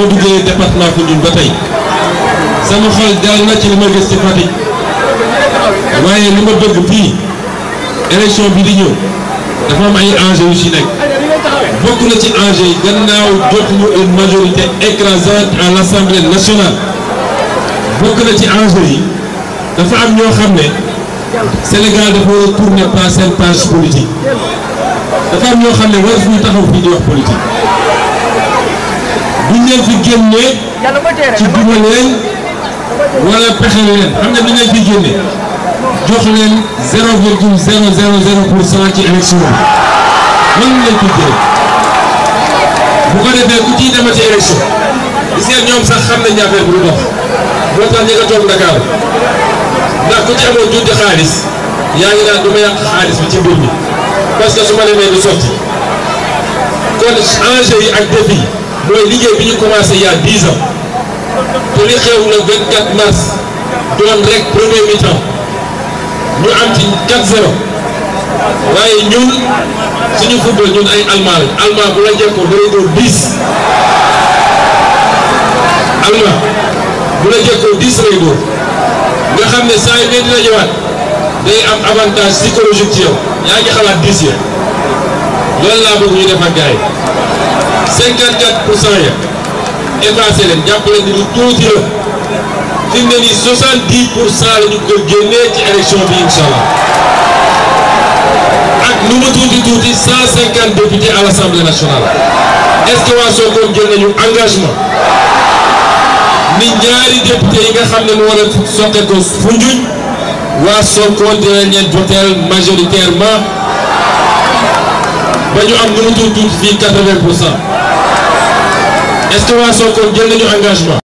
ma duggee département Foundiougne ba tey sama xol dal na ci li ma gis ci Fatick waaye li ma bëgg fii élection bi di ñëw dafa am ay enjeux yu ci nekk bokk na ci enjeux yi gannaaw jox ñu une majorité écrasante à l'Assemblée nationale bokk na ci enjeux yi dafa am ñoo xam ne Sénégal dafa war a tourner par seen page politique dafa am ñoo xam ne war fu ñu taxaw fii di wax politique. buñ leen fi génnee ci duma leen wala pexe leen xam nga ni leen fi génne jox leen zéro virgule zéro zéro pour cent ci élection bi leen fi génne bu ko defee ku ciy demati élection gis ngeen ñoom sax xam nañ affaire bi lu dox moo tax ñi nga toog Dakar ndax ku ci amoon tuuti xaalis yaa ngi naan du ma yàq xaalis bi ci mbir mi su ma demee du sotti kon enjeu yi ak défi mooy liggéey bi ñu commencé il y a 10 ans te li xew le 24 mars doon rek premier mi ñu am ci 4-0 waaye ñun suñu football ñun ay allemand lañ allemand bu la jekkoo da lay doon 10 bu la jekkoo 10 lay nga xam ne saa yu ngeen di dajewaat day am avantage psychologique ci yow yaa ngi xalaat 10 ya loolu laa bëgg ñu def 54 pour cent ya effacé leen jàppale ni lu tuuti la fi mu ne nii 70 pour cent la ci élection bi incha ak lu mu tuuti tuuti 150 à l' nationale est que waa Sokone jël nañu engagement ni ñaari député yi nga xam ne mu war a soqe ko Foundiougne waa Sokone est-ce que waa Sokone jël nañu engagement.